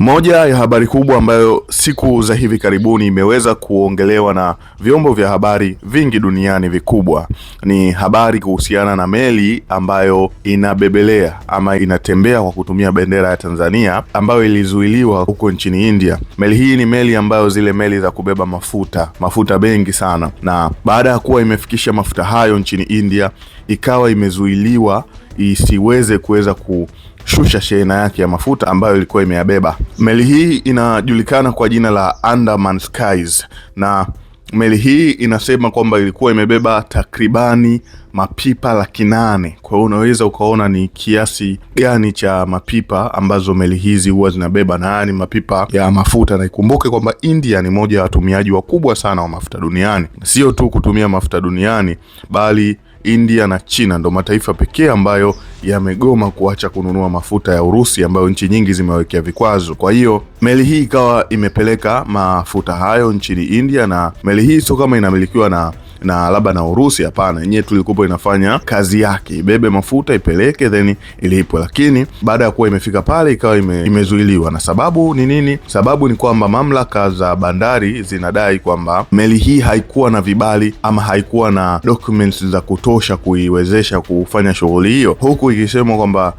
Moja ya habari kubwa ambayo siku za hivi karibuni imeweza kuongelewa na vyombo vya habari vingi duniani vikubwa ni habari kuhusiana na meli ambayo inabebelea ama inatembea kwa kutumia bendera ya Tanzania ambayo ilizuiliwa huko nchini India. Meli hii ni meli ambayo zile meli za kubeba mafuta, mafuta mengi sana, na baada ya kuwa imefikisha mafuta hayo nchini India ikawa imezuiliwa isiweze kuweza ku kushusha shehena yake ya mafuta ambayo ilikuwa imeyabeba. Meli hii inajulikana kwa jina la Andaman Skies na meli hii inasema kwamba ilikuwa imebeba takribani mapipa laki nane. Kwa hiyo unaweza ukaona ni kiasi gani cha mapipa ambazo meli hizi huwa zinabeba, na haya ni mapipa ya mafuta, na ikumbuke kwamba India ni moja ya watumiaji wakubwa sana wa mafuta duniani. Sio tu kutumia mafuta duniani, bali India na China ndo mataifa pekee ambayo yamegoma kuacha kununua mafuta ya Urusi ambayo nchi nyingi zimewekea vikwazo. Kwa hiyo meli hii ikawa imepeleka mafuta hayo nchini India, na meli hii sio kama inamilikiwa na na labda na Urusi. Hapana, yenyewe tu ilikuwa inafanya kazi yake, ibebe mafuta ipeleke, then ilipwe. Lakini baada ya kuwa imefika pale ikawa ime, imezuiliwa. Na sababu ni nini? Sababu ni kwamba mamlaka za bandari zinadai kwamba meli hii haikuwa na vibali ama haikuwa na documents za kutosha kuiwezesha kufanya shughuli hiyo, huku ikisemwa kwamba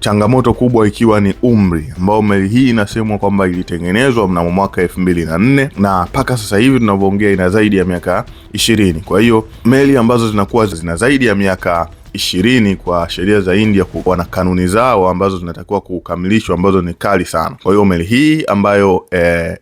changamoto kubwa ikiwa ni umri ambao meli hii inasemwa kwamba ilitengenezwa mnamo mwaka elfu mbili na nne na mpaka sasa hivi tunavyoongea ina zaidi ya miaka ishirini. Kwa hiyo meli ambazo zinakuwa zina zaidi ya miaka ishirini kwa sheria za India kuwa na kanuni zao ambazo zinatakiwa kukamilishwa ambazo ni kali sana. Kwa hiyo meli hii ambayo e,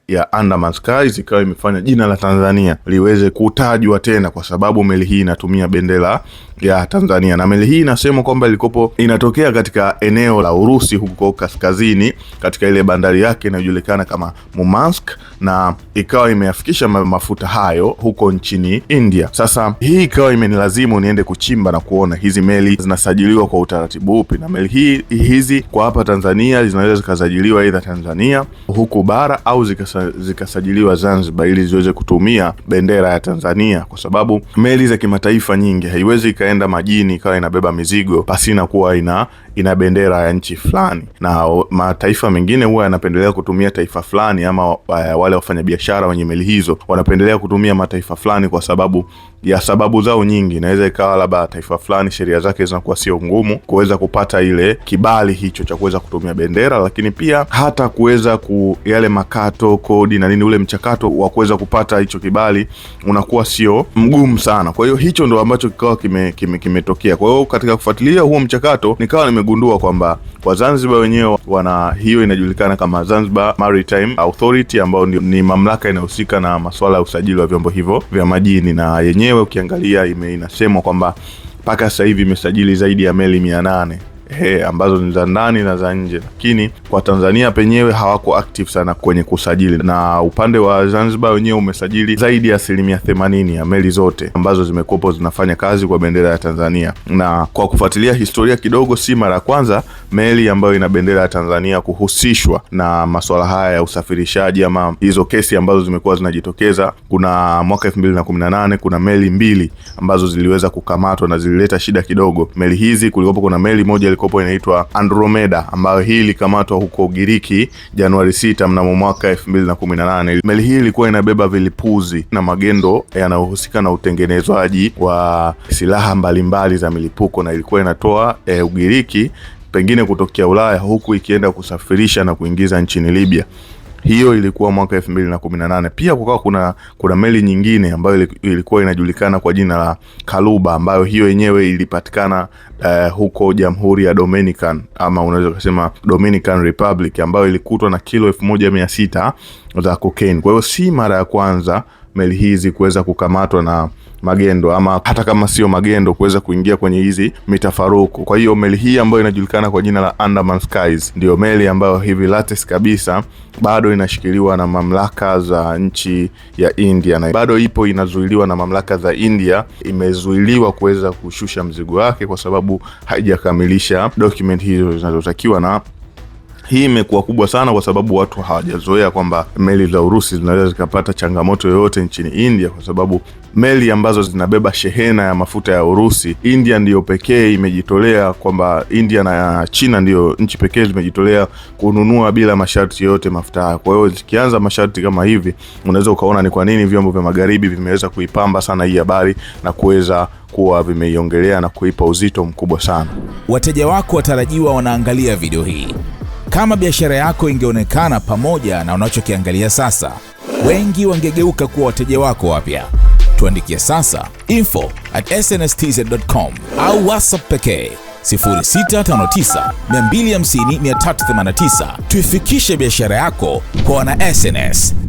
ya Andaman ikawa imefanya jina la Tanzania liweze kutajwa tena, kwa sababu meli hii inatumia bendera ya Tanzania na meli hii inasema kwamba ilikopo inatokea katika eneo la Urusi huko kaskazini, katika ile bandari yake inayojulikana kama Murmansk, na ikawa imeyafikisha mafuta hayo huko nchini India. Sasa hii ikawa imenilazimu niende kuchimba na kuona hizi hizi meli zinasajiliwa kwa utaratibu upi, na meli hii hizi kwa hapa Tanzania zinaweza zikasajiliwa aidha Tanzania huku bara au zikasa, zikasajiliwa Zanzibar ili ziweze kutumia bendera ya Tanzania, kwa sababu meli za kimataifa nyingi haiwezi ikaenda majini ikawa inabeba mizigo pasina kuwa ina ina bendera ya nchi fulani, na mataifa mengine huwa yanapendelea kutumia taifa fulani, ama eh, wale wafanyabiashara wenye meli hizo wanapendelea kutumia mataifa fulani kwa sababu ya sababu zao nyingi. Inaweza ikawa labda taifa fulani sheria zake zinakuwa sio ngumu kuweza kupata ile kibali hicho cha kuweza kutumia bendera, lakini pia hata kuweza ku yale makato, kodi na nini, ule mchakato wa kuweza kupata hicho kibali unakuwa sio mgumu sana. Kwa hiyo hicho ndo ambacho kikawa kimetokea kime, kime. Kwa hiyo katika kufuatilia huo mchakato nikawa nime wamegundua kwamba Wazanzibar wenyewe wana hiyo, inajulikana kama Zanzibar Maritime Authority, ambayo ni mamlaka inayohusika na masuala ya usajili wa vyombo hivyo vya majini, na yenyewe ukiangalia ime inasemwa kwamba mpaka sasa hivi imesajili zaidi ya meli mia nane he, ambazo ni za ndani na za nje, lakini kwa Tanzania penyewe hawako active sana kwenye kusajili, na upande wa Zanzibar wenyewe umesajili zaidi ya asilimia themanini ya meli zote ambazo zimekuwepo zinafanya kazi kwa bendera ya Tanzania. Na kwa kufuatilia historia kidogo, si mara ya kwanza meli ambayo ina bendera ya Tanzania kuhusishwa na masuala haya ya usafirishaji ama hizo kesi ambazo zimekuwa zinajitokeza. Kuna mwaka elfu mbili na kumi na nane kuna meli mbili ambazo ziliweza kukamatwa na zilileta shida kidogo. Meli hizi kulikuwapo kuna meli moja ilikopo inaitwa Andromeda ambayo hii ilikamatwa huko Ugiriki Januari 6 mnamo mwaka 2018. Meli hii ilikuwa inabeba vilipuzi na magendo yanayohusika na utengenezwaji wa silaha mbalimbali mbali za milipuko na ilikuwa inatoa e, Ugiriki pengine kutokea Ulaya huku ikienda kusafirisha na kuingiza nchini Libya. Hiyo ilikuwa mwaka elfu mbili na na kumi nane Pia kukawa kuna kuna meli nyingine ambayo ilikuwa inajulikana kwa jina la Kaluba ambayo hiyo yenyewe ilipatikana uh, huko Jamhuri ya Dominican ama unaweza ukasema Dominican Republic ambayo ilikutwa na kilo elfu moja mia sita za cocaine. Kwa hiyo si mara ya kwanza meli hizi kuweza kukamatwa na magendo ama hata kama sio magendo kuweza kuingia kwenye hizi mitafaruku. Kwa hiyo meli hii ambayo inajulikana kwa jina la Andaman Skies ndiyo meli ambayo hivi latest kabisa bado inashikiliwa na mamlaka za nchi ya India na bado ipo inazuiliwa na mamlaka za India, imezuiliwa kuweza kushusha mzigo wake kwa sababu haijakamilisha document hizo zinazotakiwa na hii imekuwa kubwa sana kwa sababu watu hawajazoea kwamba meli za Urusi zinaweza zikapata changamoto yoyote nchini India, kwa sababu meli ambazo zinabeba shehena ya mafuta ya Urusi, India ndiyo pekee imejitolea kwamba India na China ndiyo nchi pekee zimejitolea kununua bila masharti yoyote mafuta hayo. Kwa hiyo zikianza masharti kama hivi, unaweza ukaona ni kwa nini vyombo vya magharibi vimeweza kuipamba sana hii habari na kuweza kuwa vimeiongelea na kuipa uzito mkubwa sana. Wateja wako watarajiwa wanaangalia video hii. Kama biashara yako ingeonekana pamoja na unachokiangalia sasa, wengi wangegeuka kuwa wateja wako wapya. Tuandikie sasa info at snstz.com au whatsapp pekee 659 250 389. Tuifikishe biashara yako kwa wana SNS.